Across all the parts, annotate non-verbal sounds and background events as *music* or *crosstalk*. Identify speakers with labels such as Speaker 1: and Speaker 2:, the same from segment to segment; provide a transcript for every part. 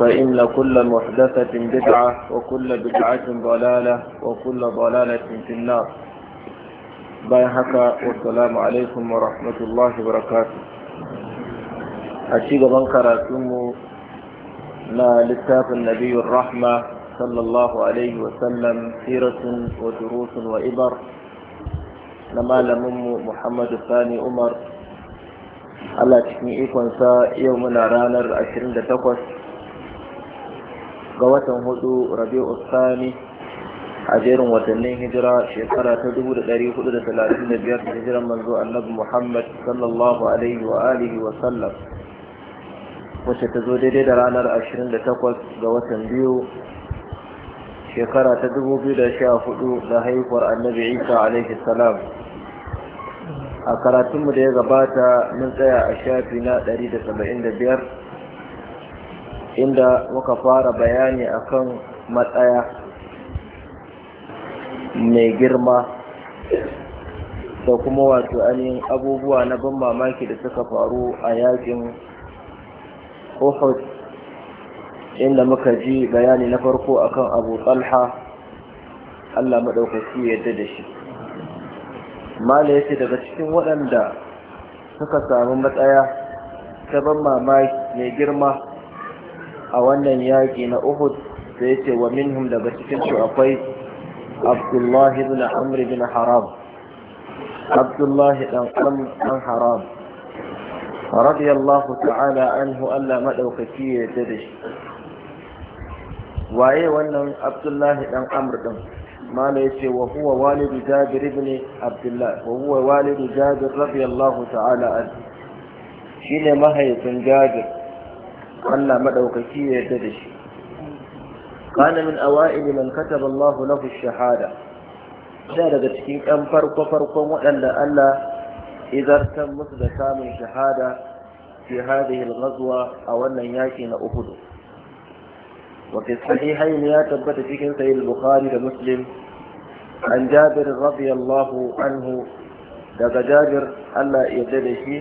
Speaker 1: فإن كل محدثة بدعة وكل بدعة ضلالة وكل ضلالة في النار بايحك والسلام عليكم ورحمة الله وبركاته أشيق بنكر أسلمه ما لتاف النبي الرحمة صلى الله عليه وسلم سيرة ودروس وإبر لما لمم محمد الثاني عمر Allah cikin ikonsa yau muna ranar 28 ga watan hudu rabi'u Sani, a jerin watannin hijira shekara ta 1435 da hijiran manzo annabi Muhammad sallallahu alaihi wa alihi wa sallam wacce ta zo daidai da ranar 28 ga watan biyu shekara ta 2014 da haihuwar annabi Isa alaihi salam a karatunmu da ya gabata mun tsaya a shafi na 175 inda muka fara bayani akan matsaya mai girma da kuma wato ainihin abubuwa na ban mamaki da suka faru a yakin Uhud inda muka ji bayani na farko akan abu talha Allah maɗaukaki yadda da shi mala yace daga cikin waɗanda suka samu matsaya ta ban mamaki mai girma a wannan yaƙi na uhud sai ce wa minhum daga cikin su akwai abdullahi bin amr bin haram abdullahi dan amr dan haram radiyallahu ta'ala anhu Allah madaukaki ya yarda da shi waye wannan abdullahi dan amr din ما ليس وهو والد walidu Jabir عبد الله وهو والد جابر رضي الله تعالى عنه شين ما هي Allah maɗaukaki ya yarda da shi kana min awa'il man kataba Allah lahu shahada da daga cikin 'yan farko farkon waɗanda Allah izartar musu da samun shahada fi hadhihi al-ghazwa a wannan yaki na Uhud wa fi sahihayn ya tabbata cikin sahih al-Bukhari da Muslim an Jabir radiyallahu anhu daga Jabir Allah ya yarda da shi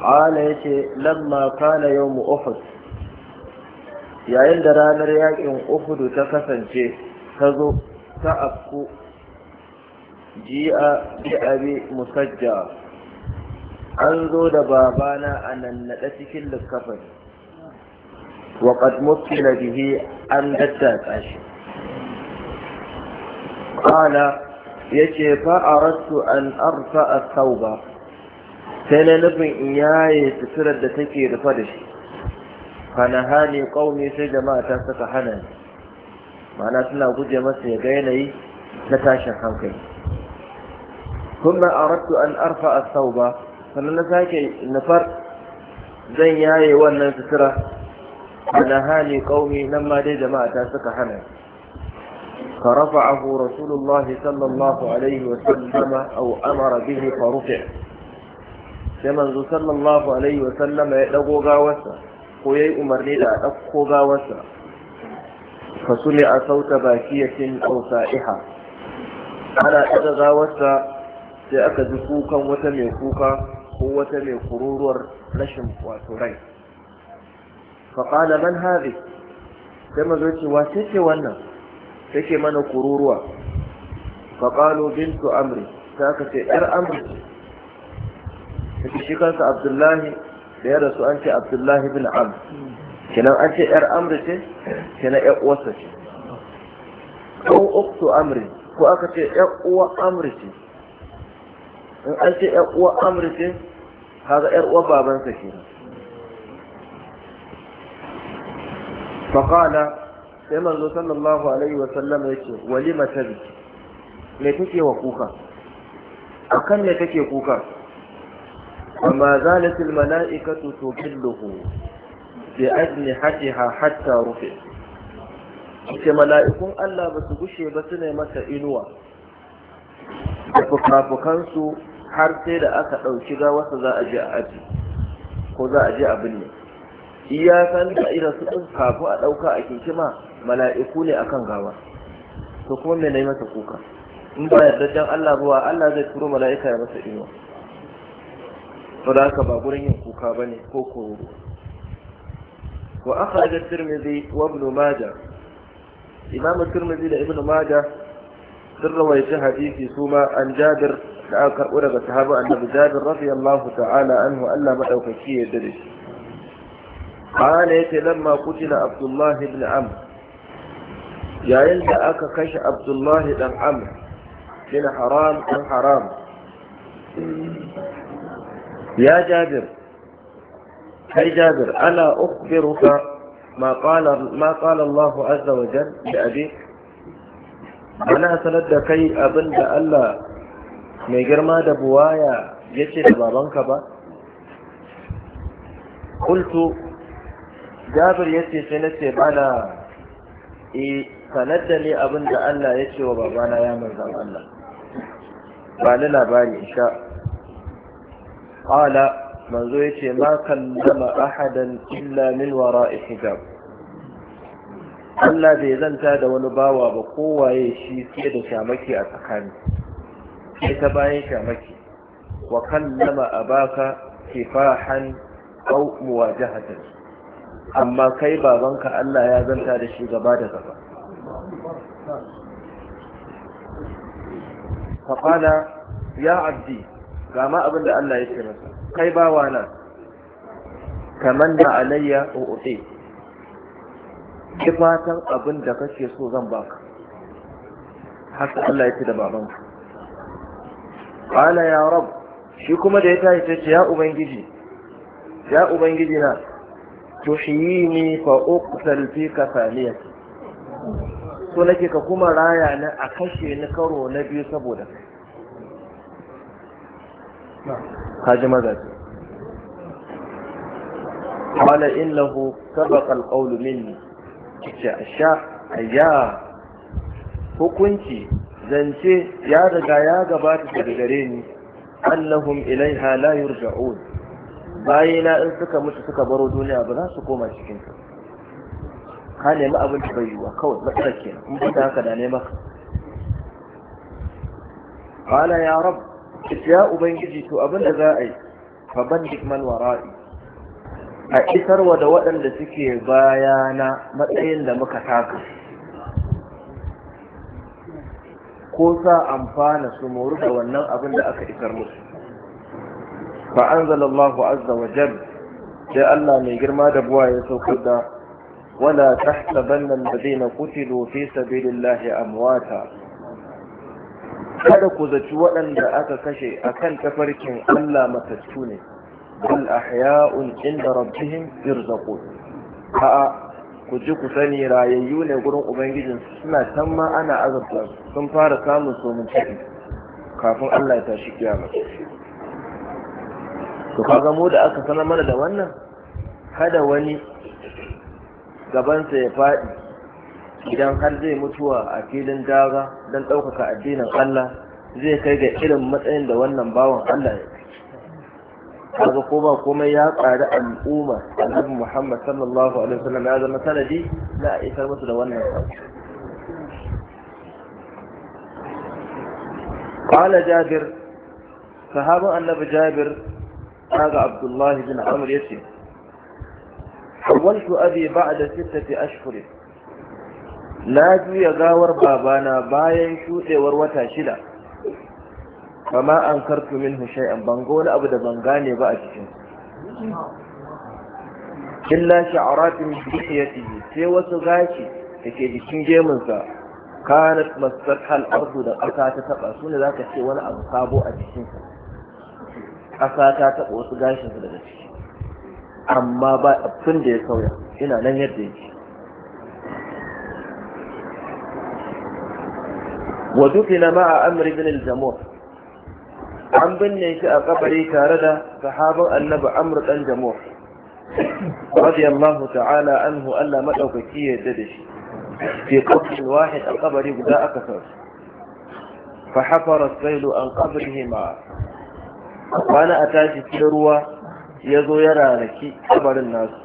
Speaker 1: ƙala ya ce lamma kana yau mu uhud yayin da ranar yakin uhudu ta kasance ta zo ta afku ji'a bi abi musajja an zo da babana a nannaɗe cikin likkafin wa qad mutila bihi an daddatsa shi qala yace fa aradtu an arfa thawba sai na nufin in yaye suturar da take rufa da shi kana hani kauni sai jama'a ta saka hana ni ma'ana suna guje masa ya ga yanayi na tashin hankali kuma aradtu an arfa as-sauba sannan na sake nufar zan yaye wannan sutura kana hani kauni nan ma dai jama'a ta saka hana ni فرفعه رسول الله صلى الله عليه وسلم أو أمر به فرفع sai manzo sallallahu alaihi wa sallama ya dago gawarsa ko yayi umarni da a dauko gawarsa fa sumi a sauta bakiyatin aw sa'iha ana daga gawarsa sai aka ji kukan wata mai kuka ko wata mai kururuwar rashin wato rai fa qala man hadhi sai manzo ce wa ce wannan take mana kururuwa fa qalu bintu amri sai aka ce yar amri shi kansa abdullahi da ya rasu an ce abdullahi bin amr kenan an ce yar amr ce kenan yar uwarsa ce ko uktu amri ko aka ce yar uwa amr ce in an ce yar uwa amr ce kaga yar uwa babansa kenan فقال sai manzo sallallahu alaihi wa sallam yake walima tabi me take wa kuka akan me take kuka amma zalatil mala'ikatu tudilluhu bi ajnihatiha hatta rufi ce mala'ikun Allah ba su gushe ba su ne masa inuwa da fukafukansu har sai da aka ɗauki gawarsa za a je a aji ko za a je a binne iyakan da irin su ɗin kafu a ɗauka a kinkima mala'iku ne akan gawa to kuma me na yi masa kuka in ba yarda dan Allah ba Allah zai turo mala'ika ya masa inuwa saboda haka ba gurin yin kuka ba ne ko kururu. wa akhraj at-tirmidhi wa ibn majah imam at-tirmidhi da ibn majah sun rawaita hadisi suma an jabir da aka karɓo daga sahaba annabi jabir radiyallahu ta'ala anhu Allah madaukaki ya yarda shi قال يتلما قتل عبد الله بن عمرو yayin da aka kashe abdullahi dan am bin haram dan haram ya jabir kai jabir ana ukhbiruka ma qala ma qala Allah azza wa jalla li abi sanar da kai Allah mai girma da buwaya ce da babanka ba kultu jabir ce sai nace bala e sanar da ne abin da Allah ya ce wa babana ya manzan Allah ba ni labari insha qala manzo yace ma kallama ahadan illa min wara'i hijab Allah bai zanta da wani bawa ba kowaye shi sai da shamaki a tsakani sai ta bayan shamaki wa a abaka kifahan aw muwajahatan amma kai babanka Allah ya zanta da shi gaba da gaba فقال ya عبدي ga ma abin da Allah ya ce masa kai bawa na kaman da alayya ote ki fatan abin da kake so zan baka haka Allah ya ce da baban qala ya rab shi kuma da ya tashi ce ya ubangiji ya ubangiji na tuhyini fa uqtal fika thaniyatan so nake ka kuma raya na a kashe ni karo na biyu saboda kai kaji wala in lahu sabaka alqawlu minni kace asha ayya hukunci zance ya riga ya gabata daga gare ni annahum ilaiha la yurja'un bayina in suka mutu suka baro duniya ba za su koma cikin ta ka nemi abin da bai yiwa kawai matsalar kenan in ba haka da nema qala ya rabb ya ubangiji to abinda za a yi fa bandik wara'i a isarwa da waɗanda suke bayana matsayin da muka taka ko sa amfana su moru da wannan abin da aka isar musu fa anzalallahu azza wa jalla sai Allah mai girma da buwa ya saukar da wala tahsabanna na qutilu fi sabilillahi amwata kada ku zaci waɗanda aka kashe a kan tafarkin Allah matattu ne bal hayaun inda rabbihim yurzaqun a'a ku ji ku sani rayayyu ne gurin ubangijin suna can ma ana azabta sun fara samun somin ciki kafin Allah ya tashi kiyama to Ka zamo da aka sanar mana da wannan kada wani gabansa ya faɗi idan har zai mutuwa a filin daga don ɗaukaka addinin Allah zai kai ga irin matsayin da wannan bawan Allah ya kaga ko ba komai ya ƙari al'umma annabi Muhammad sallallahu alaihi wasallam ya zama sanadi na isar musu da wannan sako قال جابر صحابة النبي جابر هذا عبد الله بن عمرو يسير حولت أبي بعد ستة أشهر na juya gawar babana bayan shuɗewar wata shida kama an kartu min shay'an ban wani abu da ban gane ba a cikin illa sha'aratin bihiyatihi sai wasu gashi da ke jikin gemunsa kanat masakal ardu da ƙasa ta taɓa su ne za ka ce wani abu sabo a jikinsa ƙasa ta taɓa wasu gashinsa daga ciki amma ba abin da ya sauya ina nan yadda yake wa dufina ma'a amr ibn al-jamur an binne shi a kabari tare da sahabin annabi amr dan jamur radiyallahu ta'ala anhu Allah madaukaki ya yarda da shi fi qabrin wahid a kabari guda aka sa fa an qabrihi ma wani a tashi cikin ruwa ya zo ya raraki kabarin nasu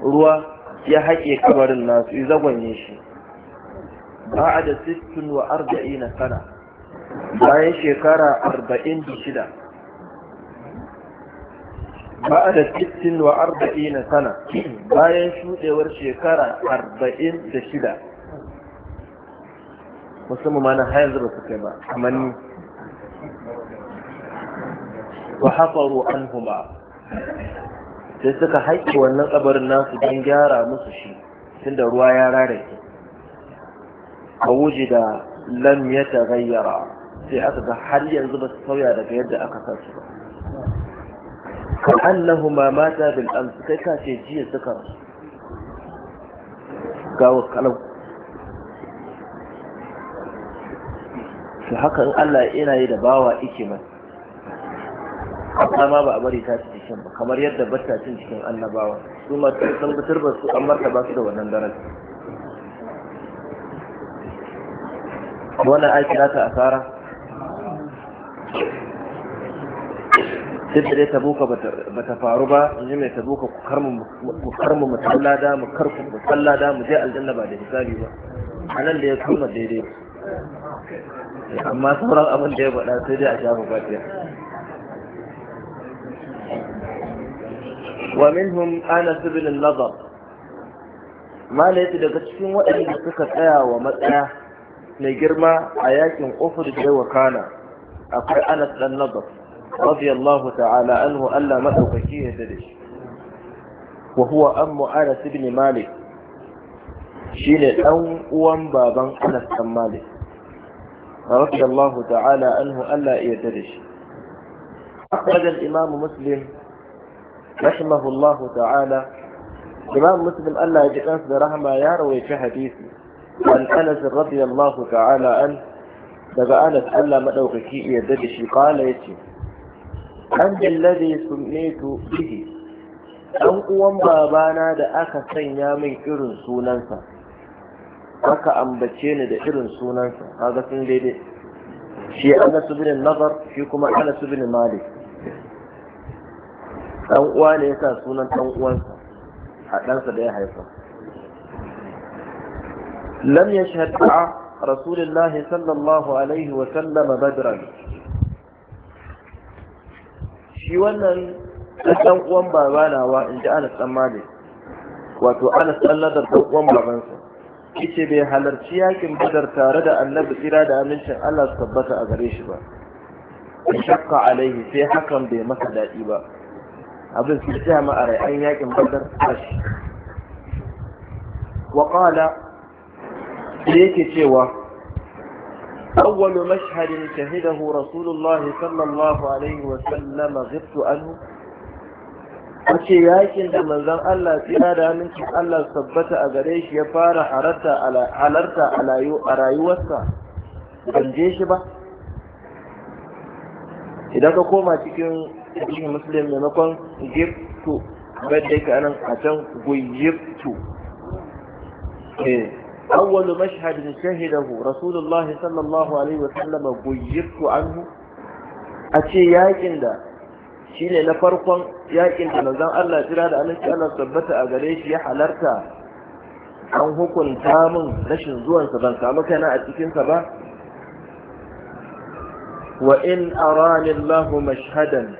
Speaker 1: ruwa ya haƙe kabarin nasu ya shi بعد ست وأربعين سنة باين شكرا أربعين بشدة بعد ست وأربعين سنة باين شوء ورشكرا أربعين بشدة musamman ma na ba su kai ba kamar wa hafaru an huma sai suka haƙi wannan tsabarin nasu don gyara musu shi da ruwa ya rarake fa wujida lam yataghayyara sai aka ga har yanzu ba su sauya daga yadda aka kasu ba ka'annahu ma mata bil amsi kai ka jiya suka gawo kalau su haka in Allah yana yi da bawa ike mai amma ba a bari ta ci cikin ba kamar yadda batta cin cikin annabawa su ma sun tabbatar ba su an martaba su da wannan daraja wannan aiki za ta asara duk da dai tabuka ba ta faru ba in ji mai tabuka ku karmu mu tallada mu karku mu tallada mu je aljanna ba da misali ba a nan da ya kama daidai
Speaker 2: amma sauran abin da ya faɗa
Speaker 1: sai dai a shafa fatiya wa minhum anas nazar ma mala yake daga cikin waɗanda suka tsaya wa matsaya mai girma a yakin ofar da yawa kana akwai anas dan nazar radiyallahu ta'ala anhu Allah madaukaki ya dade shi wa huwa ammu anas ibn malik shine dan uwan baban anas dan malik radiyallahu ta'ala anhu Allah ya dade shi أخرج الإمام مسلم رحمه الله تعالى إمام مسلم ألا يجب أن رحمه يروي في حديثه an anas radiyallahu ta'ala an daga anas Allah madaukaki yadda da shi kala yace an billadhi sumitu bihi dan uwan babana da aka sanya min irin sunansa aka ambace ni da irin sunansa kaga sun daidai shi anas bin nazar shi kuma anas bin malik dan uwa ne yasa sunan dan uwansa a ɗansa da ya haifa لم يشهد مع رسول الله صلى الله عليه وسلم بدرا shi wannan ɗan uwan baba nawa in ji Anas ɗan Malik wato Anas ɗan Ladar ɗan uwan babansa yace bai halarci yakin Badar tare da Annabi tsira da amincin Allah su tabbata a gare shi ba shakka alaihi sai hakan bai masa daɗi ba abin sai ya rai a yakin Badar kashi wa qala da yake cewa awwal mashhad shahidahu rasulullah sallallahu alaihi wa sallam ghibtu anhu wace yakin da manzon Allah tsira da hannunki Allah tabbata a gare shi ya fara halarta a rayuwarsa ban je shi ba idan ka koma cikin cikin musulun maimakon giftu bai da yake anan a can guyibtu eh أول مشهد شهده رسول الله صلى الله عليه وسلم غيبت عنه أشي ياكن ده شيء نفرقا ياكن ده نزام الله ترى ده أنا شاء الله ثبت أجريش يا حلرتا أن هكون تامن نشن زوان سبان سامك أنا أتكين سبا وإن أراني الله مشهدا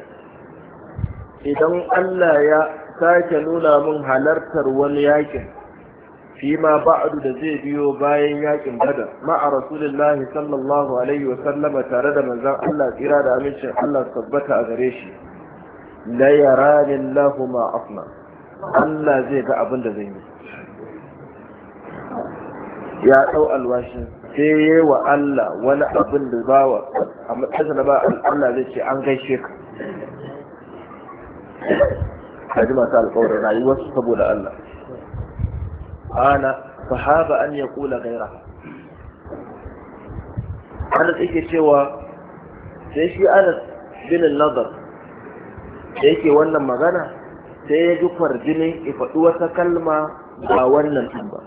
Speaker 1: إذا الله يا ساكنون من حلرتر ولياكن fi ba'adu da zai biyo bayan yakin badar ma'a rasulullahi sallallahu alaihi wa sallama tare da manzon Allah tsira da amincin Allah tabbata a gare shi la yarani lahu Allah zai ga abin da zai yi ya dau alwashin sai yayi wa Allah wani abin da bawa a matsayin ba Allah zai ce an gaishe ka kaji masu alƙawarin rayuwarsu saboda Allah qala sahaba an kula gaira. Anas yake cewa sai shi Anas binin Nadar da yake wannan magana sai ya ji kwarjini ya faɗi wata kalma ba wannan ɗin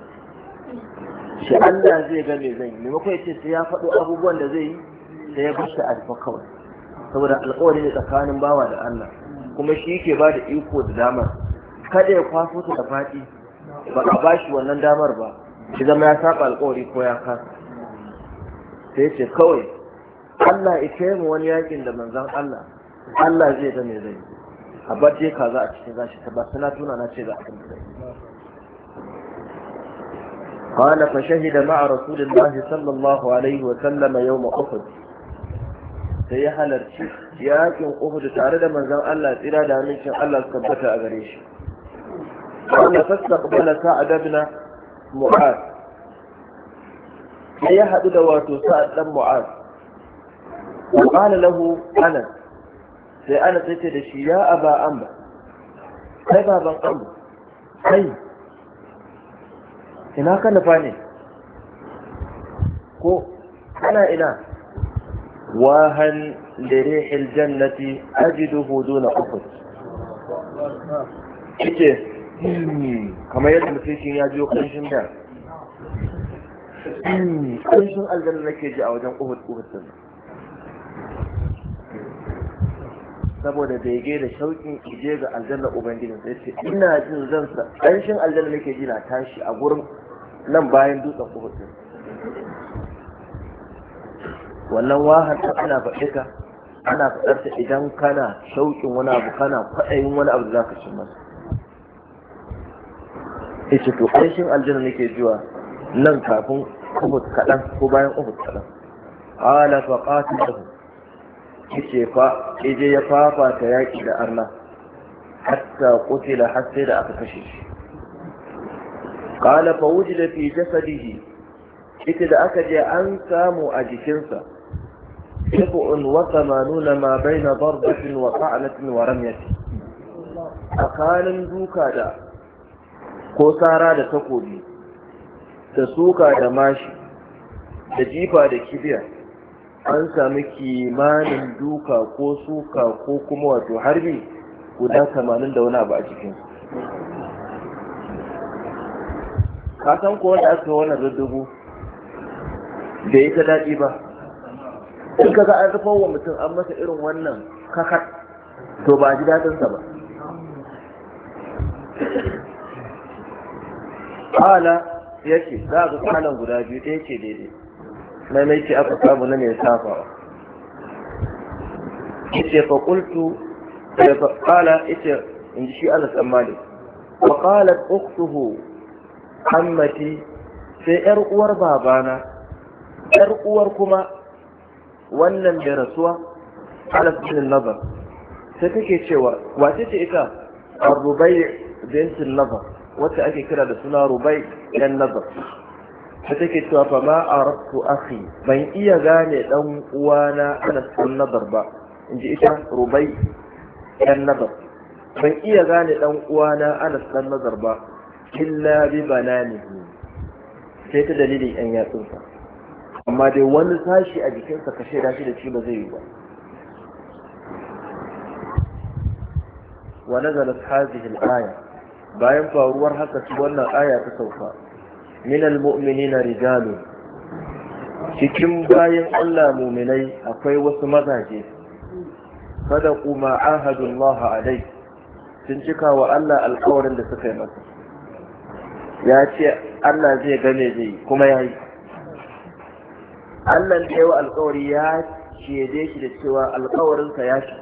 Speaker 1: shi Allah zai ga mai zai maimakon ya ce sai ya faɗo abubuwan da zai yi sai ya bashi alfa kawai saboda alƙawari ne tsakanin bawa da Allah kuma shi yake ba da iko da damar kada ya kwaso ta da faɗi ba a ba shi wannan damar ba shi zama ya saba alkawari ko ya kasa sai ce kawai Allah ya yi mu wani yakin da manzon Allah Allah zai ga zai a bar je kaza a cikin gashi ta ba sana tuna na ce za a kanta قال فشهد مع رسول الله صلى الله عليه وسلم Yau أحد sai ya halarci yakin Uhud tare da manzan Allah tsira da amincin Allah su tabbata a gare shi قال فاستقبل سعد بن معاذ أي أحد دوات سعد بن معاذ وقال له أنا سأنا تتدشي يا أبا أمر kai baban abu kai ina ka nufa ne ko ana ina wahan naci aji ajidu hudu na uku ike Hmm, kamar yadda mutum shi ya jiyo ƙanshin da hmm, ƙanshin aljanna nake ji a wajen uhud uhud din saboda bege da shauƙin ije ga aljanna ubangiji sai ce ina jin zan sa ƙanshin aljanna nake ji na tashi a gurin nan bayan dutsen uhud din wannan wahan ana faɗi ka ana faɗarsa idan kana shauƙin wani abu kana kwaɗayin wani abu da za ka ci masa yace to shin aljanna nake zuwa nan kafin uhud kaɗan ko bayan uhud kaɗan qala fa qatilahu yace fa yaje ya fafata yaƙi da Allah hatta qutila har sai da aka kashe shi qala fa wujida fi jasadihi ita da aka je an samu a jikinsa سبع وثمانون ما بين ضربة وطعنة ورمية أقال دوكا دا ko tsara da takobi da suka da mashi da jifa da kibiya an sami kimanin duka ko suka ko kuma wato harbi guda tamanin da wani abu a cikin kasan ko da aka wannan ruddugu da ya ta daɗi ba in ka ga an rufa wa mutum an masa irin wannan kakat to ba ji daɗinsa ba Ƙala ya ce za ga ƙalan guda biyu ɗaya ce daidai mai mai ce aka samu na mai safawa ce fa qultu ƙala eh, ya ce in ji shi Allah tsammani fa qalat ukhtuhu ammati sai yar uwar babana yar uwar kuma wannan da rasuwa ala bin nazar sai take cewa wace ce ita ar-rubai bint nabar wata ake kira da suna rubai yan nazar ta take cewa fa ma arabtu akhi ban iya gane dan uwana ana sun nazar ba inji ita rubai yan nazar ban iya gane dan uwana ana sun nazar ba illa bi bananihi sai ta dalilin yan yatsunsa amma dai wani sashi a jikinsa ka shaida shi da shi ba zai yi ba ونزلت هذه الآية bayan faruwar haka su wannan aya ta sauka minal na rijalu cikin bayan Allah muminai akwai wasu mazaje Kada ku ma ahadullahi alai sun cika wa Allah alƙawarin da suka yi masa ya ce Allah zai game zai kuma ya yi Allah da yawa alƙawari ya shaide shi da cewa alƙawarinsa ya shi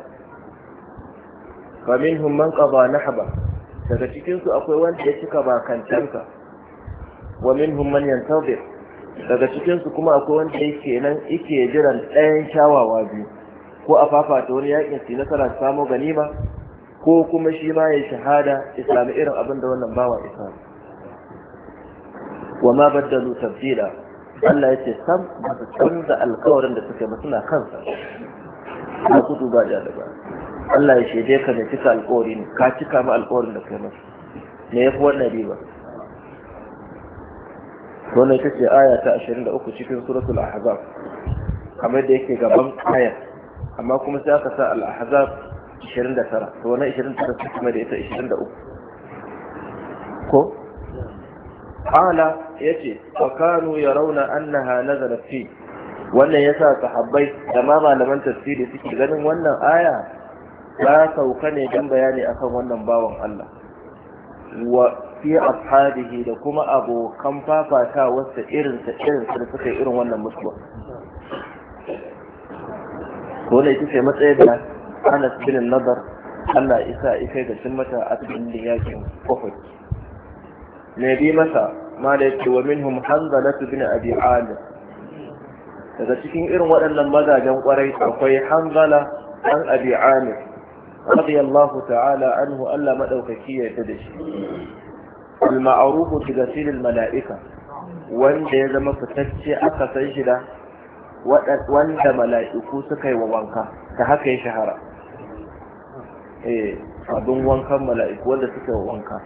Speaker 1: fa man qada nahba daga cikinsu akwai wanda ya cika bakantanka wa minhum man yantabir daga cikinsu kuma akwai wanda yake nan yake jiran ɗayan shawawa biyu ko a fafata wani yakin su nasara su samo ganima ko kuma shi ma ya shahada islami irin abin da wannan bawa isa wa ma baddalu tabdila Allah ya ce sam ba su canza alkawarin da suke ba suna kansa na kudu ba da ba Allah ya shaide ka da cika alƙawari ne ka cika ma alƙawarin da kai masa me yafi wannan riba wannan ita ce aya ta 23 cikin suratul ahzab kamar da yake gaban aya amma kuma sai aka sa al-ahzab 29 to wannan 29 kuma da ita 23 ko ya yace wa kanu yarawna annaha nazalat fi wannan yasa sahabbai da ma malaman tafsiri suke ganin wannan aya ya sauka ne don bayani akan wannan bawan Allah wa fi ashabihi da kuma abokan fafata wasu irin sa irin sa da suka irin wannan mutuwa ko da yake matsayi da Anas bin Nadar Allah isa ikai da sun mata a cikin yakin Uhud ne bi masa ma da yake wa minhum Hanzalatu bin Abi Amir daga cikin irin waɗannan mazajen kwarai akwai Hanzala dan Abi Amir رضي الله تعالى عنه ألا مدوككي يتدش المعروف بغسيل الملائكة وان دي زم fitacce aka san وان دا ملائكو سكي ووانكا yi شهر ايه ta وانكا ملائك وان دا سكي ووانكا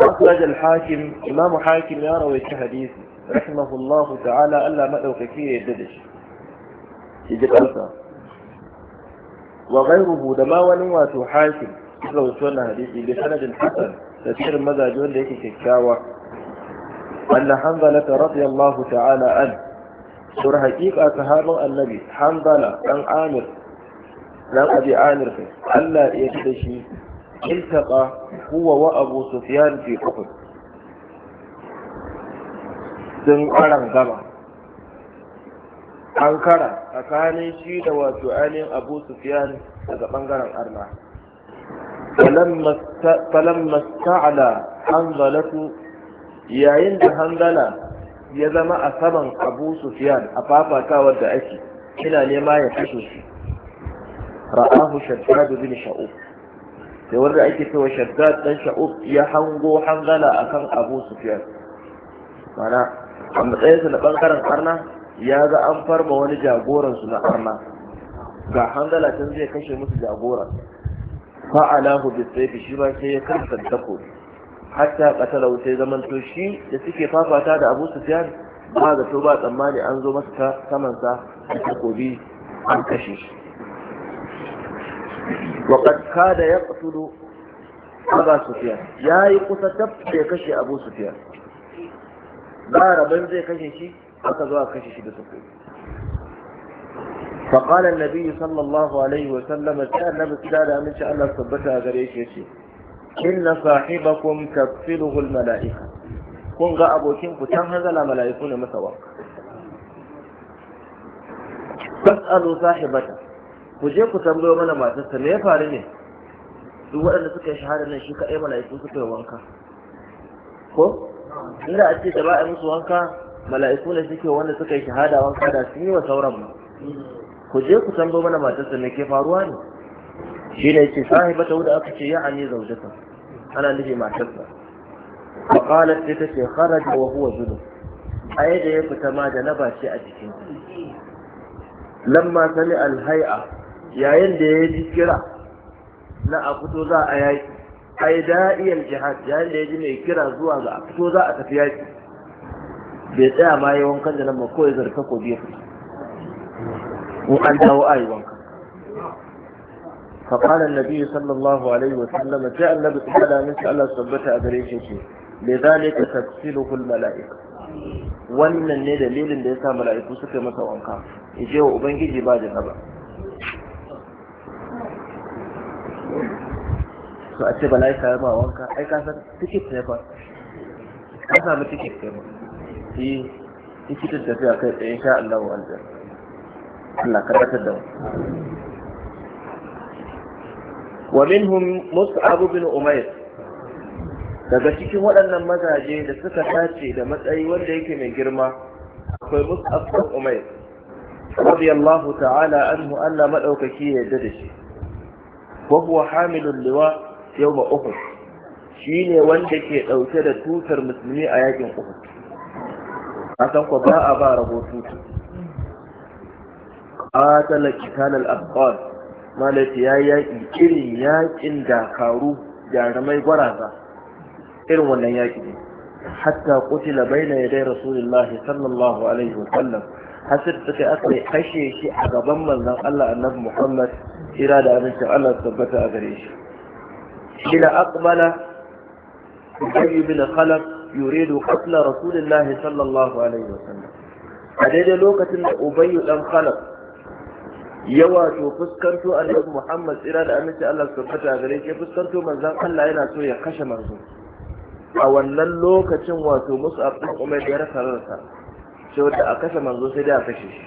Speaker 1: أخرج الحاكم إمام حاكم يا روي الحديث رحمه الله تعالى ألا مدوككي يددش يجب ألسا wa ghayruhu da ma wani wato hakim suka wuce wannan hadisi bi sanadin hasan da sirrin mazaji wanda yake kyakkyawa anna hanzala radiyallahu ta'ala an sur haqiqa sahabban annabi hanzala dan amir dan abi amir kai Allah ya yarda da shi iltaqa huwa wa abu sufyan fi uhud sun karan gaba ankara tsakanin shi da wato ainihin abu sufiyan daga bangaren arna masta'ala an zalatu yayin da hanzala ya zama a saman abu sufiyan a fafatawar da ake ina nema ya kashe shi ra'ahu shaddad bin sha'ub sai wanda ake cewa shaddad dan sha'ub ya hango hanzala akan abu sufiyan mana a matsayinsa na bangaren arna ya ga an farma wani jagoran su na arna ga hangala can zai kashe musu jagoran fa'alahu bi sayfi shi ba sai ya da tako hatta qatalahu sai zaman to shi da suke fafata da Abu Sufyan ba ga to ba tsammani an zo masa ta saman sa takobi an kashe shi wa qad kada yaqtulu Abu Sufyan yayi kusa tab ya kashe Abu Sufyan ba rabin zai kashe shi aka zo a kashe shi da sufuri فقال النبي صلى الله عليه وسلم كان نبي سلالة من شاء الله ثبتها يشي إن صاحبكم تكفله الملائكة كن أبو كنك تنهز الملائكون مسواك فاسألوا صاحبته kuje ku tambayo mana matarsa me ya faru ne duk waɗanda suka yi shahada nan shi kaɗai mala'iku suka yi wanka ko inda a ce da ba a musu wanka mala'iku ne suke wanda suka yi shahada wan kada su yi wa sauran mu ku je ku tambo mana matarsa me ke faruwa ne shi ne yace sahiba ta wuda aka ce ya ani zaujata ana nufi matarsa fa qalat ta ce kharaj wa huwa junub ai da ya fita ma da naba ce a cikin lamma sami alhai'a yayin da ya ji kira na a fito za a yaki ai da'iyal jihad yayin da ya ji mai kira zuwa ga a fito za a tafi yaki bai tsaya ma yi wankan da nan ba ko ya zarka ko biyu fita an dawo a yi wanka فقال النبي صلى الله عليه وسلم جاء النبي صلى الله عليه ce bai أدريشه لذلك تغسله mala'ika wannan ne dalilin da ya sa mala'iku suka yi masa wanka ya je wa ubangiji ba ba Su a ce mala'ika ya ma wanka ai ka san tikit ne ba. ka samu tikit ne ba yi tikitin tafiya kai tsaye sha Allah wa aljanna Allah karatar da wa minhum mus'ab bin umayr daga cikin waɗannan mazaje da suka tace da matsayi wanda yake mai girma akwai mus'ab bin umayr radiyallahu ta'ala anhu Allah madaukaki ya yarda da shi wa huwa hamilul liwa yawma uhud shine wanda ke dauke da tutar musulmi a yakin uhud a ko ba a ba rahoto ta. qatala kitan al malati ya yaƙin irin yakin dakaru jarumai gwaraza irin wannan yaki ne hatta qutila baina yaday rasulullah sallallahu alaihi wa sallam hasir take aka kashe shi a gaban manzon Allah annabi Muhammad kira da amincin Allah tabbata a gare shi ila aqbala Ubay bin Khalaf yuridu qatla rasulillahi sallallahu alaihi wasallam a daidai lokacin da ubayyu ɗan khalaf ya wato fuskanto annabi muhammad tsira da aminci allah su fata gare shi fuskanto manzon allah yana so ya kashe manzo a wannan lokacin wato musu abin umar ya rasa rarsa sai wata a kashe manzo sai da a kashe shi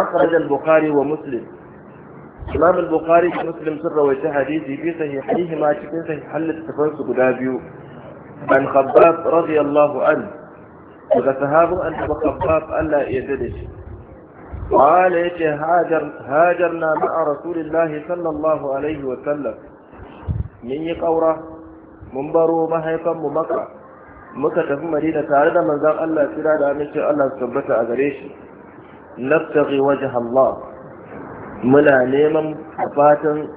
Speaker 1: an bukhari wa muslim imam al-bukhari da muslim sun rawaita hadisi fi sahihaihi ma cikin sahihan littafan su guda biyu an khabbab radiyallahu an daga sahabin an taba khabbab Allah ya yarda da shi قال Hajar هاجر هاجرنا rasulillah, sallallahu alaihi wa sallam. عليه yi من Mun baro برو مهيفا ممكة muka tafi madina tare da manzon Allah kira da amince Allah su tabbata a gare shi nabtaghi wajh Allah muna neman fatan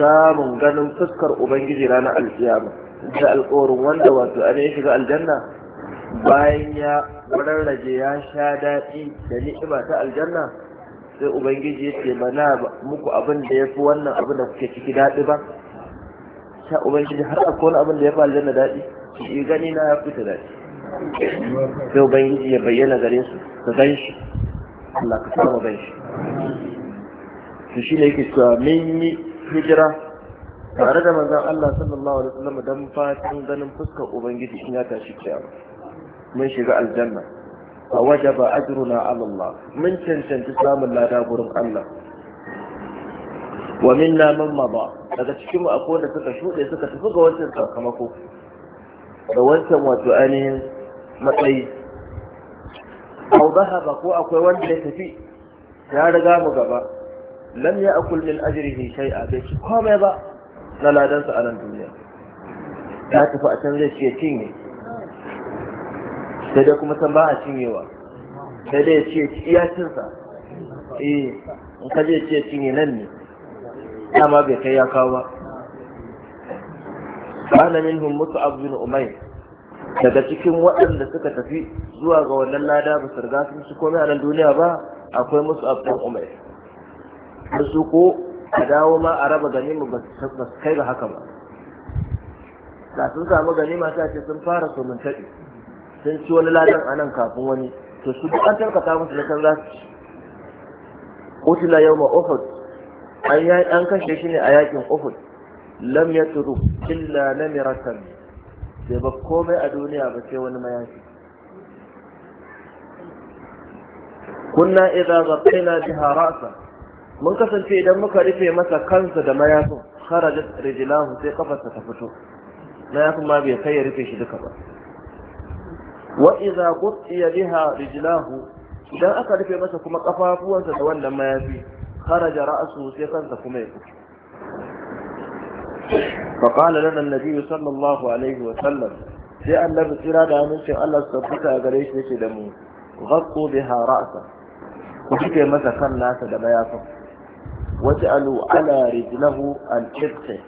Speaker 1: samun ganin fuskar ubangiji ranar alkiyama da alkawarin wanda wato an yi shiga aljanna bayan ya rarraje ya sha daɗi da ni'ima ta aljanna sai ubangiji ya ce mana muku abin da ya fi wannan abin da kuke ciki daɗi ba sha ubangiji har akwai wani abin da ya fi aljanna daɗi shi gani na ya fita daɗi sai ubangiji ya bayyana gare su ka gan shi Allah ka samu gan shi su shi ne yake cewa min yi hijira tare da manzan Allah sallallahu alaihi wasallam don fatan ganin fuskar ubangiji in ya tashi kiyama mun shiga aljanna fa wajaba ajruna ala Allah mun cancanci samun lada gurin Allah wa minna man mada daga cikin mu akwai wanda suka shuɗe suka tafi ga wancan sakamako da wancan wato ainihin matsayi au zahaba ko akwai wanda ya tafi ya riga mu gaba lam ya akul min ajrihi shay'a bai ci komai ba na ladansa a nan duniya ya tafi a can zai ce cinye sai dai kuma san ba a cinyewa sai dai ce iyacinsa eh in ka je ce cinye nan ne dama bai kai ya kawo ba kana minhum mus'ab bin umay daga cikin waɗanda suka tafi zuwa ga wannan lada ba su riga sun ci komai a nan duniya ba akwai musu bin umayr har su ko a dawo ma a raba ganima ba su kai ga haka ba da sun samu ganima ta ce sun fara somin taɗi sun ci wani ladan a nan kafin wani to su duk an tarkata musu na kan za su ci kutila yau ma uhud an kashe shi ne a yakin uhud lam ya turu illa na miratan bai ba komai a duniya ba sai wani mayafi kunna idza zaqina biha ra'sa mun kasance idan muka rufe masa kansa da mayafin kharajat rijlahu sai kafarsa ta fito mayafin ma bai kai ya rufe shi duka ba wa idza qutiya biha rijlahu idan aka rufe masa kuma kafafuwansa da wannan mayafi kharaja ra'su sai kansa kuma ya fito فقال لنا النبي صلى الله عليه وسلم sai annabi tsira da amincin Allah su tabbata a gare shi yake da mu ghasqu biha ra'sa ku kike masa kan nasa da bayafin waj'alu ala rijlahu al-ibtih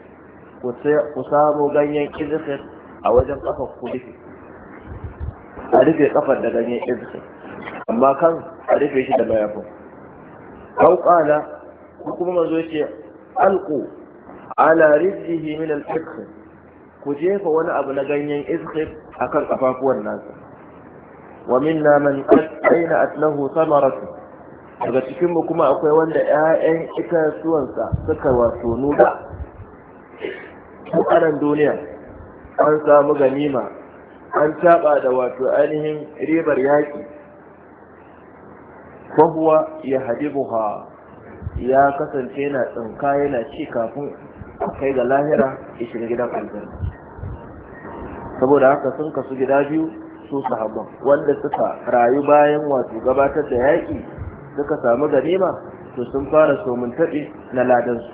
Speaker 1: ku samu ganyen izikir a wajen kafar ku rufe a rufe kafar da ganyen izikir amma kan a rufe shi da mayafin kau kala ku kuma manzo ce alku ala rijlihi min al-ibtih ku jefa wani abu na ganyen izikir akan kafafuwan nasa wa minna man qad aina atlahu thamaratu daga cikinmu kuma akwai wanda 'ya'yan itatuwansa suka wato nuna ƙaran duniya an samu ganima an taɓa da wato ainihin ribar yaƙi fahuwa ya hadibuha ya kasance yana tsinka yana ci kafin kai ga lahira ishin gidan aljanna saboda haka sun kasu gida biyu su sahabban wanda suka rayu bayan wato gabatar da yaƙi suka samu ganima to sun fara somin taɓe na ladansu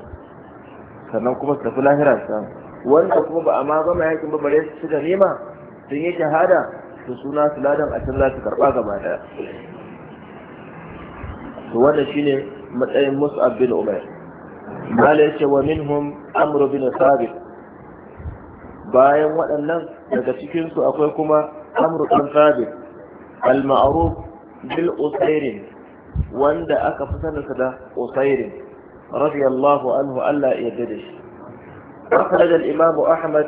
Speaker 1: sannan kuma su tafi lahira samu wanda kuma ba a ma gama yakin ba bare su shiga nema sun yi shahada to suna su ladan a can za su karɓa gaba ɗaya to wannan shine matsayin mus'ab bin umar mala yace wa minhum amru bin sabit bayan waɗannan daga cikinsu akwai kuma amru bin sabit al-ma'ruf bil usairin wanda aka fi sanarsa da usairin radiyallahu anhu Allah ya yarda da shi أخرج Ahmad أحمد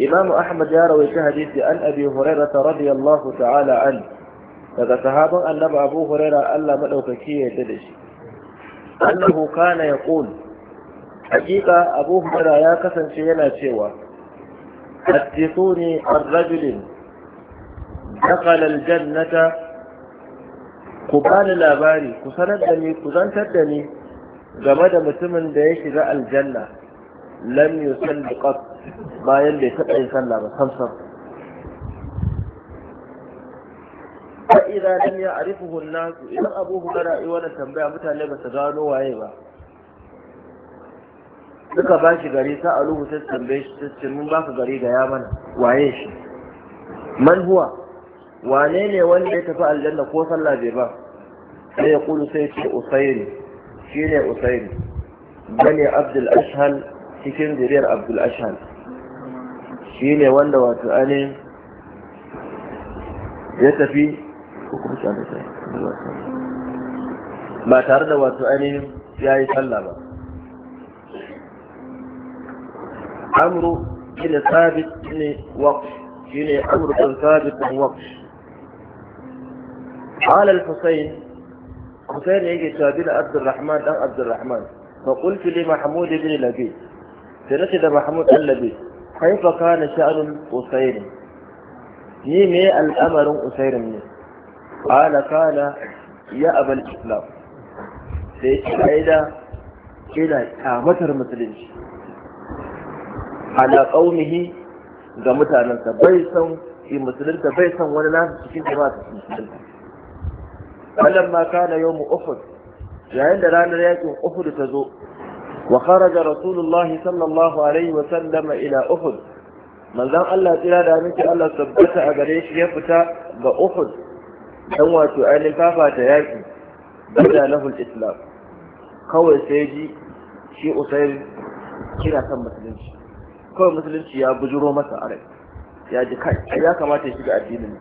Speaker 1: إمام أحمد يروي حديث عن أبي هريرة رضي الله تعالى عنه daga sahaban annaba abu huraira Allah maɗaukaki ya yarda da shi annahu kana ya ƙul hakika abu huraira ya kasance yana cewa hadithuni an rajulin dakhala aljannata ku bani labari ku sanar da ni ku zantar da ni game da mutumin da ya shiga aljanna lam yusalli qat bayan bai taɓa yin sallah ba sam sam fa idza lam ya'rifuhu an-nas idan abu hurairah yi wannan tambaya mutane ba su gano waye ba suka ba shi gari sa aluhu sai tambaye shi sai mun ba ku gari da ya mana waye shi man huwa wane ne wanda ya tafi aljanna ko sallah bai ba sai ya kulu sai ce usairi ne usairi bane abdul ashhal cikin zuriyar abdul ashhal ne wanda wato ane ya tafi ba tare da wato ane ya yi sallah ba amru ne sabit ne waqf shine amru kan sabit waqf قال الحسين حسين يجي شابين عبد الرحمن أم عبد الرحمن فقلت لمحمود بن لبيد سنتي ده محمود اللبيد كيف كان شأن أسير نيمي الأمر أسير مني قال قال يا أبا الإسلام سيتعيد إلى كامتر مسلمش على قومه ga mutanensa bai san musulunta bai san wani nasu cikin jama'a musulunta فلما كان يوم أحد يعني لنا يأتي أحد تزو وخرج رسول الله صلى الله عليه وسلم إلى أحد من ذا الله إلى دامك الله ثبت أبريش يفتى بأحد هو سؤال فافا تياكي بدأ له الإسلام kawai sai ji shi usair kira kan musulunci kawai musulunci ya bujuro masa a rai ya ji kai ya kamata ya shiga addinin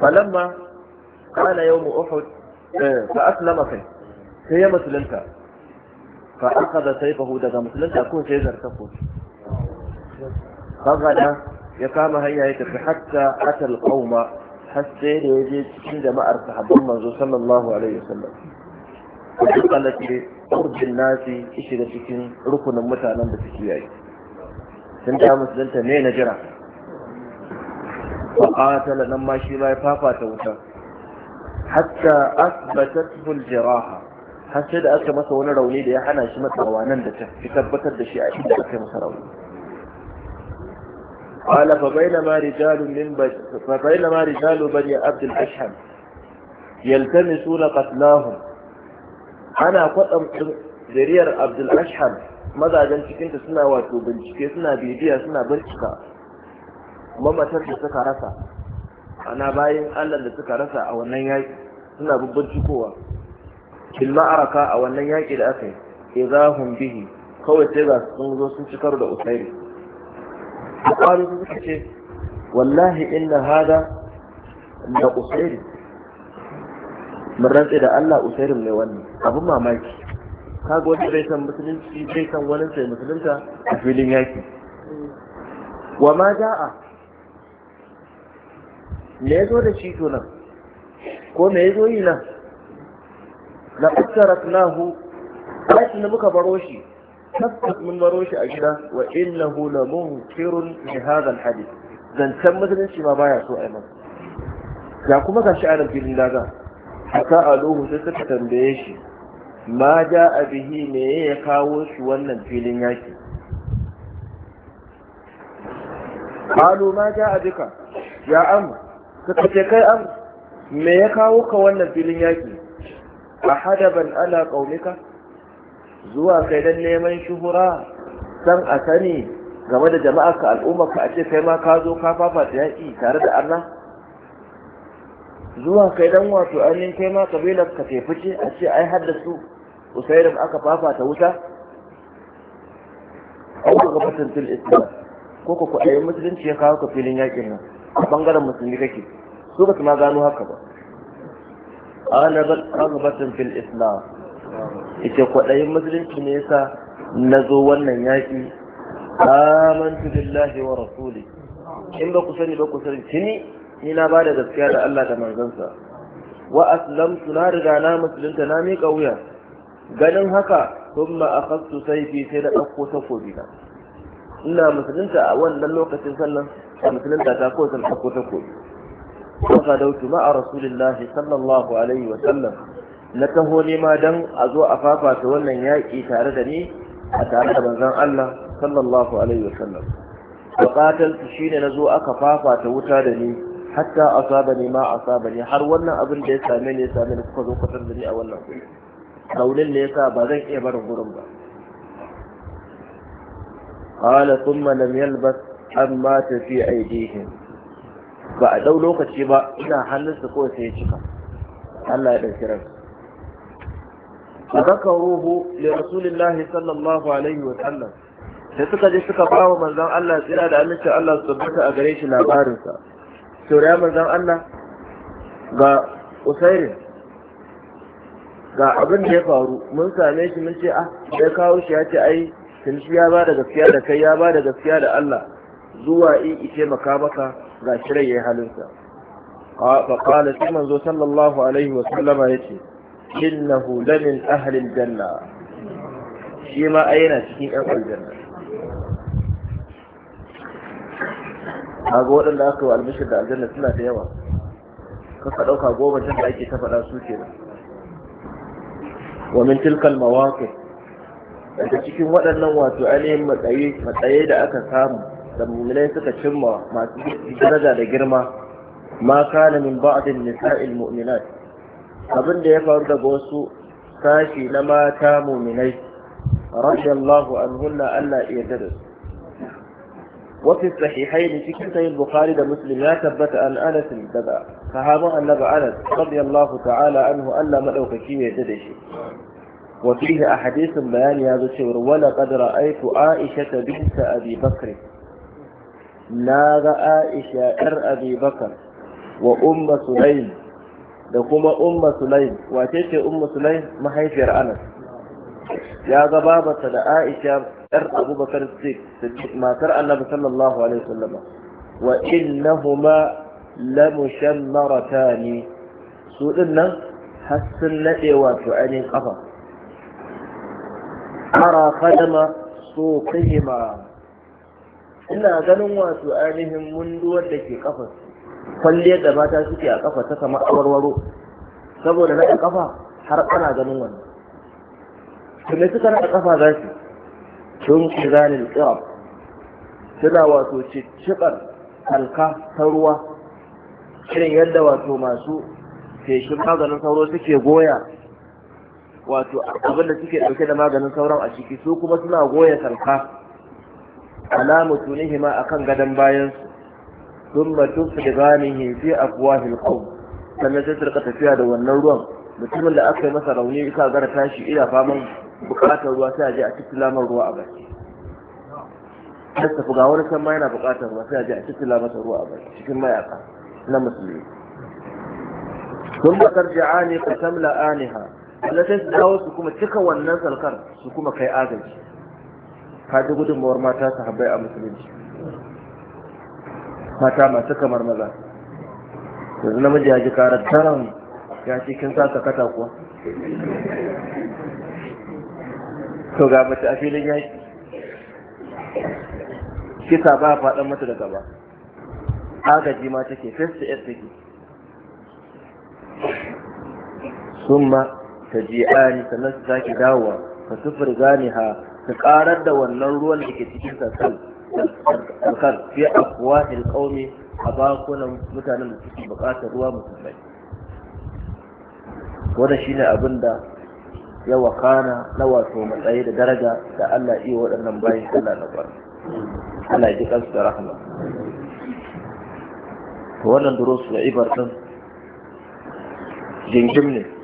Speaker 1: falamma kana yawm uhud fa kai sai ya musulunta fa akhadha sayfahu daga musulunta ko sai zarta ko ya kama hanya ya tafi hatta atal qauma har da ya je cikin jama'ar sahabban manzo sallallahu alaihi wasallam kala ce urjin nasi shiga cikin rukunin mutanen da suke ta ne na jira فقاتل لما شيما يفافا توتا حتى أثبتته الجراحة حتى إذا أكا مسا وانا روني لي أحنا شمت روانا دتا يثبتت دشي أكيد أكا مسا روني قال فبينما رجال من بج... فبينما رجال بني عبد الأشهم يلتمسون قتلاهم أنا قطم ذرير عبد الأشهم mazajen cikinta suna wato bincike suna bibiya suna bincika mamatar da suka rasa ana bayan allah da suka rasa a wannan yaƙi suna babban cikowa a raka a wannan yaƙi da aka yi idahum bihi kawai sai ga sun zo sun cikar da usairi a ƙwari suka ce wallahi inna hada da usairi mun rantse da allah usairin mai wannan abin mamaki kaga wani bai san musulunci bai san wani sai musulunta a filin yaƙi wa ma ja'a me ya zo da shi to nan ko me ya zo yi nan na ƙasarar nahu ƙasar da muka baro shi tabbas mun baro shi a gida wa innahu la munkirun min hadha alhadith zancan musulunci ma baya so ai masa ya kuma ka a nan filin daga aka aluhu sai suka tambaye shi ma ja a bihi me ya kawo shi wannan filin yaki قالوا ما جاء a يا ya ka kace kai an me ya kawo ka wannan filin yaki a hadaban ala qaumika zuwa kai dan neman shuhura san a sani game da jama'ar ka al'ummar ka a ce kai ma ka zo ka da yaki tare da Allah zuwa kai dan wato ainihin kai ma kabilar ka fice a ce ai su usairin aka ta wuta ko ka gabatar fil islam ko ka kuɗayen musulunci ya kawo ka filin yakin nan a bangaren musulmi kake su ba su ma gano haka ba ghalabat fil islam ita kwaɗayin musulunci ne yasa na zo wannan yaƙi amantu billahi wa rasuli in ba ku sani ba ku sani tuni ni na ba da gaskiya da Allah da manzansa wa aslamtu na riga na musulunta na miƙa wuya ganin haka sun thumma sai fi sai da ɗauko takobi na ina musulunta a wannan lokacin sannan a musulunta ta ko san tako ta ko ko ka dauki ma a rasulullahi sallallahu alaihi wa sallam na taho ma dan a zo a fafata wannan yaƙi tare da ni a tare da manzon Allah sallallahu alaihi wa sallam buƙatar su shine nazo zo aka fafata wuta da ni hatta asaba ni ma asaba ni har wannan abin da ya same ni ya same ni kuka zo kwatar da ni a wannan gurin raunin ne yasa ba zan iya barin gurin ba qala thumma lam yalbas an mata fi aidihim ba a dau lokaci ba ina hannunsa ko sai ya cika Allah ya dauki ransa فذكروه لرسول الله صلى الله عليه وسلم sai suka je suka ba wa manzon Allah tsira da amincin Allah su tabbata a gare shi labarinsa sauraya manzon Allah ga usairin ga abin da ya faru mun same shi mun ce ah ya kawo shi ya ce ai tun shi ya ba da gaskiya da kai ya ba da gaskiya da Allah zuwa in i taimaka maka ga shirai yayi halinsa fa qala shi manzo sallallahu alaihi wa sallama yace innahu min ahli aljanna shi ma a yana cikin ɗan aljanna ga waɗanda aka yi albishir da aljanna suna da yawa kaka ɗauka goma can da ake ta faɗa su ke nan wa min tilkal mawaqif daga cikin waɗannan wato ainihin matsaye da aka samu da mummunai suka cimma masu daraja da girma ma kana min ba'din nisa'il mu'minat abin da ya faru daga wasu sashi na mata mu'minai radiyallahu anhunna Allah ya dada wasu sahihai ne cikin sahih bukhari da muslim ya tabbata an anas daga sahabban annabi anas radiyallahu ta'ala anhu Allah maɗaukaci ya da shi وفيه أحاديث بيان هذا الشعر ولقد رأيت عائشة بنت أبي بكر ناغ عائشة أر أبي بكر وأم سليم دكما أم سليم واتيت أم سليم ما هي في أنس يا غبابة عائشة أر أبو بكر الصديق ما ترى النبي صلى الله عليه وسلم وإنهما لمشمرتان سؤلنا حسن نتي واتو أني قفا ara khadama suqihima ina ganin wato ainihin munduwar da ke kafa kwalliyar da mata suke a kafa ta kamar awarwaro saboda na kafa har kana ganin wannan to me suka na kafa za su tun Kizanin tsirab suna wato cicciɓar halka ta ruwa irin yadda wato masu feshin maganin sauro suke goya wato abinda suke ɗauke da maganin sauran a ciki su kuma suna goya salka alamu ma akan gadon bayan su. sun matu su da gani fi kuwa hilkau sannan sai su tafiya da wannan ruwan mutumin da aka yi masa rauni ka gara tashi ina faman bukatar ruwa sai a je a cikin lamar ruwa a baki sai tafi ga wani kan ma yana bukatar ruwa sai a je a cikin lamar ruwa a baki cikin mayaka na musulmi sun bakar ja'ani ka tamla aniha sannan sai su dawo su kuma cika wannan salkar su kuma kai agaji ka ji gudunmawar mata su habai a musulunci mata masu kamar maza yanzu namiji ya ji karar taron ya ce kin sa kata kuwa to ga mace a filin ya yi kisa ba faɗan mata da gaba agaji ma take face to face take summa ta ani sannan su sake dawowa ka sufur ha ka karar da wannan ruwan da ke cikin sassan sassan fi afuwa kaume a bakunan mutanen da suke bukatar ruwa musulmai wannan shine abin da ya wakana na wato matsayi da daraja da Allah iya waɗannan bayan Allah na ƙwarar Allah ya ji kansu da rahama to wannan durusu da ibar din jingim ne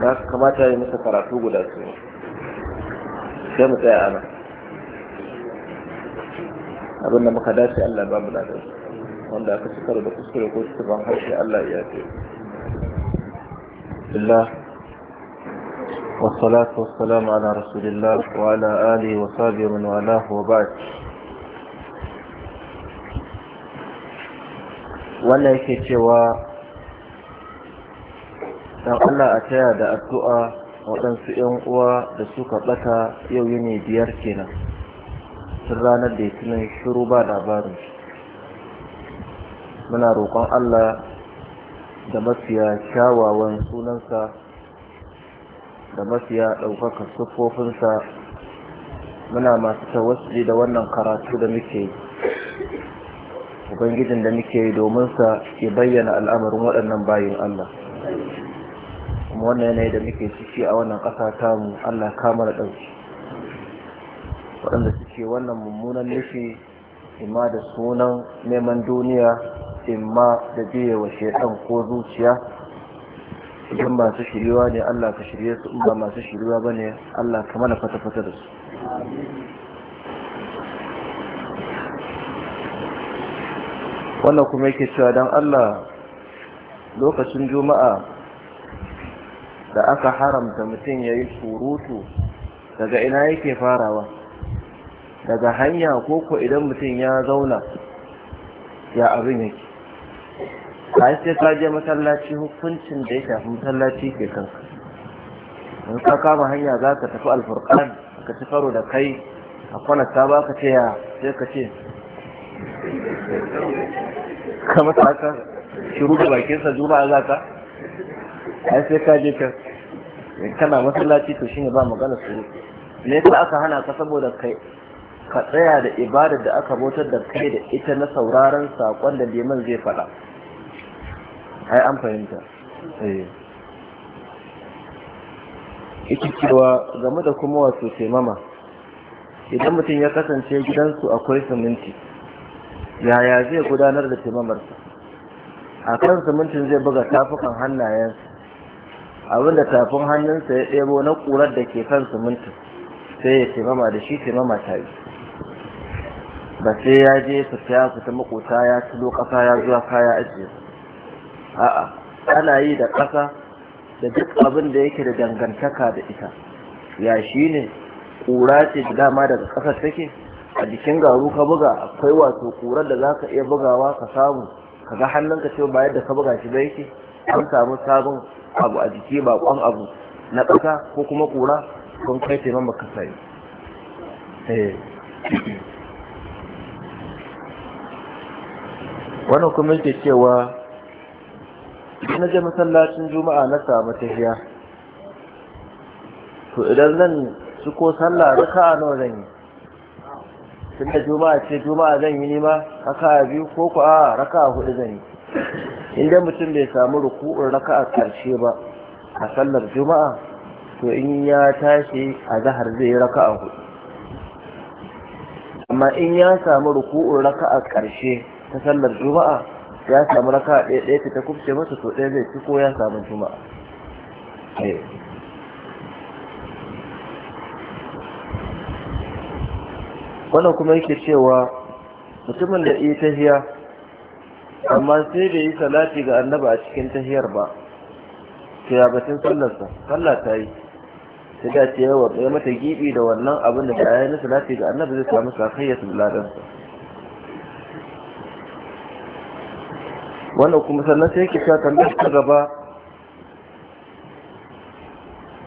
Speaker 1: ba ka kamata ya masa karatu guda su sai mu tsaya ana abin da muka dace Allah ba mu ladan wanda aka ci karo da kuskure ko ban harshe Allah ya ce billah والصلاة والسلام على رسول الله وعلى آله وصحبه من والاه وبعد wannan yake cewa don Allah a taya da addu'a waɗansu ‘yan uwa da suka ɓata yau ne biyar kenan sun ranar da ya shiru ba labarin muna roƙon Allah da mafiya kyawawan sunansa da mafiya ɗaukaka siffofinsa muna masu tawassuli da wannan karatu da muke yi ubangijin da muke yi domin sa ya bayyana al'amarin waɗannan bayin Allah kuma wannan yanayi da muke ciki a wannan ƙasa mu Allah kama ɗauki waɗanda suke wannan mummunan nufi imma da sunan neman duniya imma da biye wa shaitan ko zuciya idan masu shiriwa ne Allah ka shirye su in ba masu shiriwa ba ne Allah ka mana fata-fata da su wannan kuma yake cewa don Allah lokacin juma'a da aka haramta mutum ya yi surutu daga ina yake farawa daga hanya ko ko idan mutum ya zauna ya abin yake ka yi sai kaje masallaci hukuncin da ya shafi masallaci ke kanka in ka kama hanya za ka tafi alfurkan ka ci karo da kai a kwanata ba ka ce ya sai ka ce kamar ta ka shiru da bakinsa juma'a za ka ai sai ka je ka kana masallaci to shine ba magana su me yasa aka hana ka saboda kai ka tsaya da ibadar da aka bautar da kai da ita na sauraron sakon da liman zai faɗa ai an fahimta eh ita cewa game da kuma wato taimama idan mutum ya kasance gidansu akwai siminti yaya zai gudanar da taimamarsa a kan simintin zai buga tafukan hannayensa Abin da tafin hannunsa ya ɗebo na ƙurar da ke kan simintin sai ya taimama da shi taimama ta yi ba sai ya je su ya fita makota ya tulo ƙasa ya zuwa kaya ajiye a'a ana yi da ƙasa da duk abin da yake da dangantaka da ita ya shi ne ƙura ce da dama daga ƙasar take a jikin garu ka buga akwai wato ƙurar da za ka iya bugawa ka samu ka ga hannunka ce ba yadda ka buga shi ba yake an samu sabon abu a jiki kwan abu na ƙasa ko kuma ƙura kun kai teman baka sai eh. wannan kuma yake cewa na je masallacin juma'a na samu tafiya, to idan zan su ko sallah raka nawa zan yi tunda juma'a ce juma'a zan yi nima raka biyu ko ku a raka hudu zan yi inda mutum bai samu ruku'un raka a ƙarshe ba a sallar juma'a to in ya tashi a zahar zai raka a hudu amma in ya samu ruku'un raka a ƙarshe ta sallar juma'a ya samu raka a ɗaya ɗaya ta kubce masa to ɗaya zai ci ko ya samu juma'a eh. wannan kuma yake cewa mutumin da iya tahiya amma sai bai yi salati ga annaba a cikin tahiyar ba ya sallar sallarsa sallah ta yi sai da ce yawa ɗaya mata gibi da wannan abin da ya yi na salati ga annaba zai samu sakayya su sa wannan kuma sannan sai yake sa tambayar ta gaba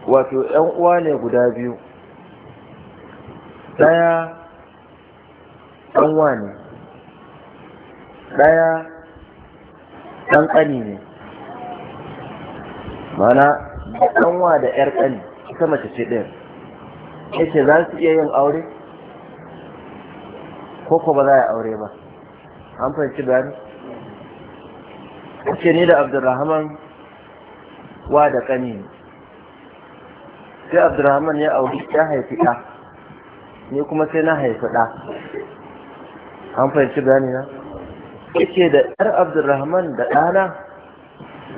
Speaker 1: wato yan uwa ne guda biyu daya ɗan ne daya ɗan ƙani ne mana ɗanwa da ƴar ƙani ita mace ce ɗaya yace za su iya yin aure ko ko ba za a aure ba an fahimci bayani ce ni da abdurrahman wa da ƙani ne sai abdurrahman ya auri ya haifi ɗa ni kuma sai na haifi ɗa an fahimci bayani na yake da ɗar abdurrahman da ɗana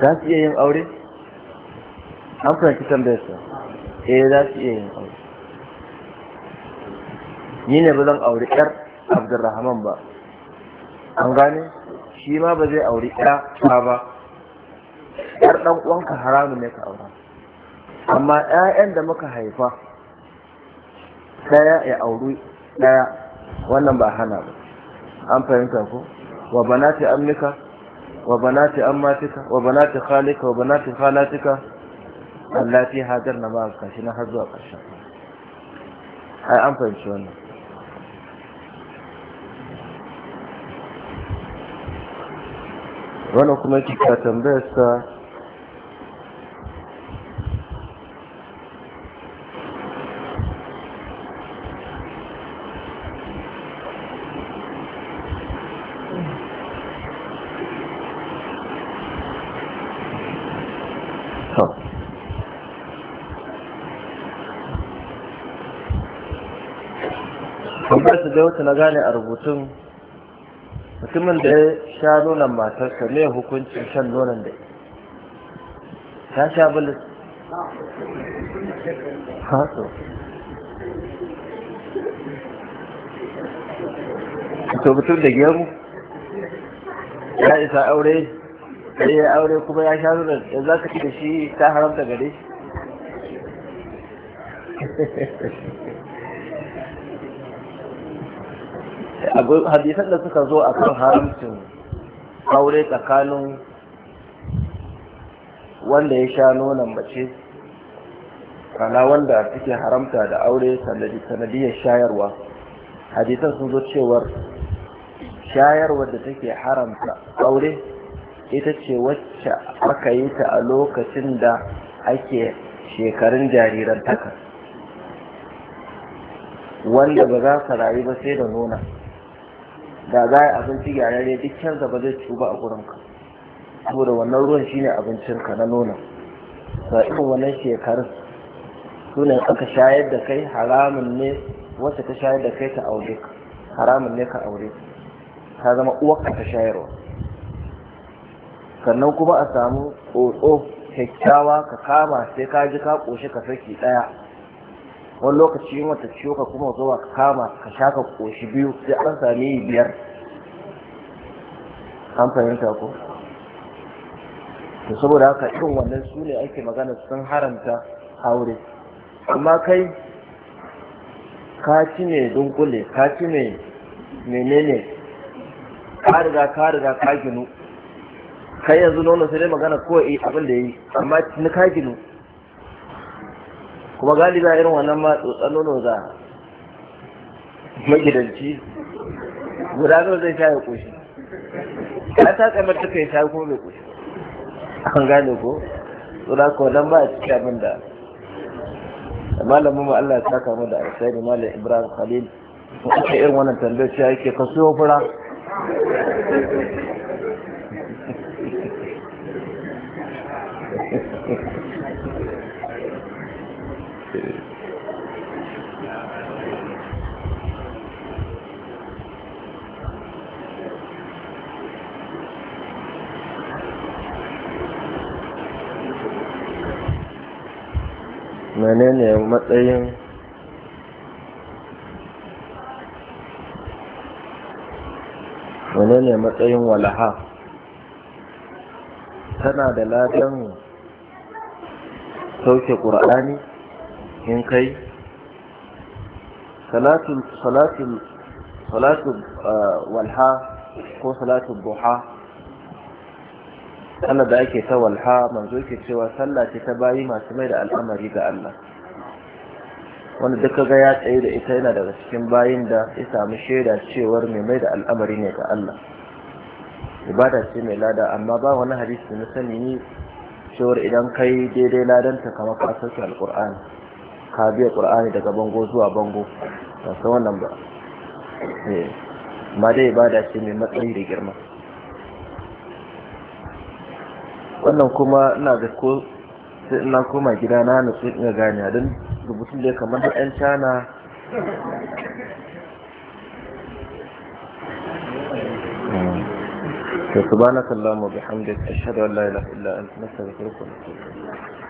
Speaker 1: za su iya yin aure an fahimci tambayar sa eh za su iya yin aure ni ne ba zan aure ɗar abdurrahman ba an gane shi ma ba zai aure ɗa ba ɗar ɗan uwanka haramun ne ka aura amma ƴaƴan da muka haifa ɗaya ya auri ɗaya wannan ba hana ba an fahimta ko وبنات أمك وبنات أماتك وبنات خالك وبنات خالاتك التي هاجرن معك شنو هزوا قشا هاي أم فهمت وانا وانا كما كاتم wata na gane a rubutun mutumin da ya sha nonon matarsa mai hukuncin shan nonon da ya sha bilis haso to mutum da gemu ya isa aure da ya aure kuma ya sha nonon da za ka ci da shi ta haramta gare shi *laughs* hadisan da suka zo a kan haramcin aure tsakanin wanda ya sha nonon mace kana wanda suke haramta da aure sanadiyar shayarwa hadisan sun zo cewar shayarwar da take haramta aure ita ce wacce aka yi ta a lokacin da ake shekarun jariran taka wanda ba za ka rayu ba sai da nuna da za a abinci gyararre duk canza ba zai ci ba a gurin ka saboda wannan ruwan shine abincin ka na nono ba irin wannan shekarun sunan aka shayar da kai haramun ne wacce ta shayar da kai ta aure ka haramun ne ka aure ta zama uwarka ta shayarwa sannan kuma a samu tsotso kyakkyawa ka kama sai ka ji ka ƙoshi ka saki ɗaya wani lokaci yin wata ciwo ka kuma zuwa kama ka sha ka koshi biyu sai an sami biyar an fahimta ko to saboda haka irin wannan su ne ake magana sun haramta aure amma kai ka ci ne dunkule ka ci ne menene ka riga ka riga ka ginu kai yanzu nono sai dai magana ko eh abin da yi amma ni ka ginu kuma galiba irin wannan ma tsotsan za magidanci guda nawa zai sha ya koshi ka ta tsamar ta kai sha kuma mai koshi an gane ko tsura ko nan ba a cikin abin da malamin Allah ya saka mu da alkhairi malam Ibrahim Khalil ko aka irin wannan tambayar shi yake ka siyo fura Thank *laughs* you. menene matsayin menene matsayin walaha tana da ladan sauke ƙur'ani in kai salatul salatul salatul eh, walha ko salatul duha sallar da ake ta walha manzo ke cewa sallah ce ta bayi masu mai da al'amari ga Allah wanda duka ga ya tsaye da ita yana daga cikin bayin da ya samu shaida cewar mai mai da al'amari ne ga Allah ibada ce mai lada amma ba wani hadisi na sani ne cewar idan kai daidai ladanta kamar ka sauke alqur'ani ka biya qur'ani daga bango zuwa bango ba san wannan ba eh ma dai ibada ce mai matsayi da girma wannan kuma na da ko sai ina koma gida na na sai ina gani a don rubutun da ya kamar da ɗan cana ta su ba na kallon mu bihamdik a shaɗa wallahi lafi la'adun nasa da kurkuku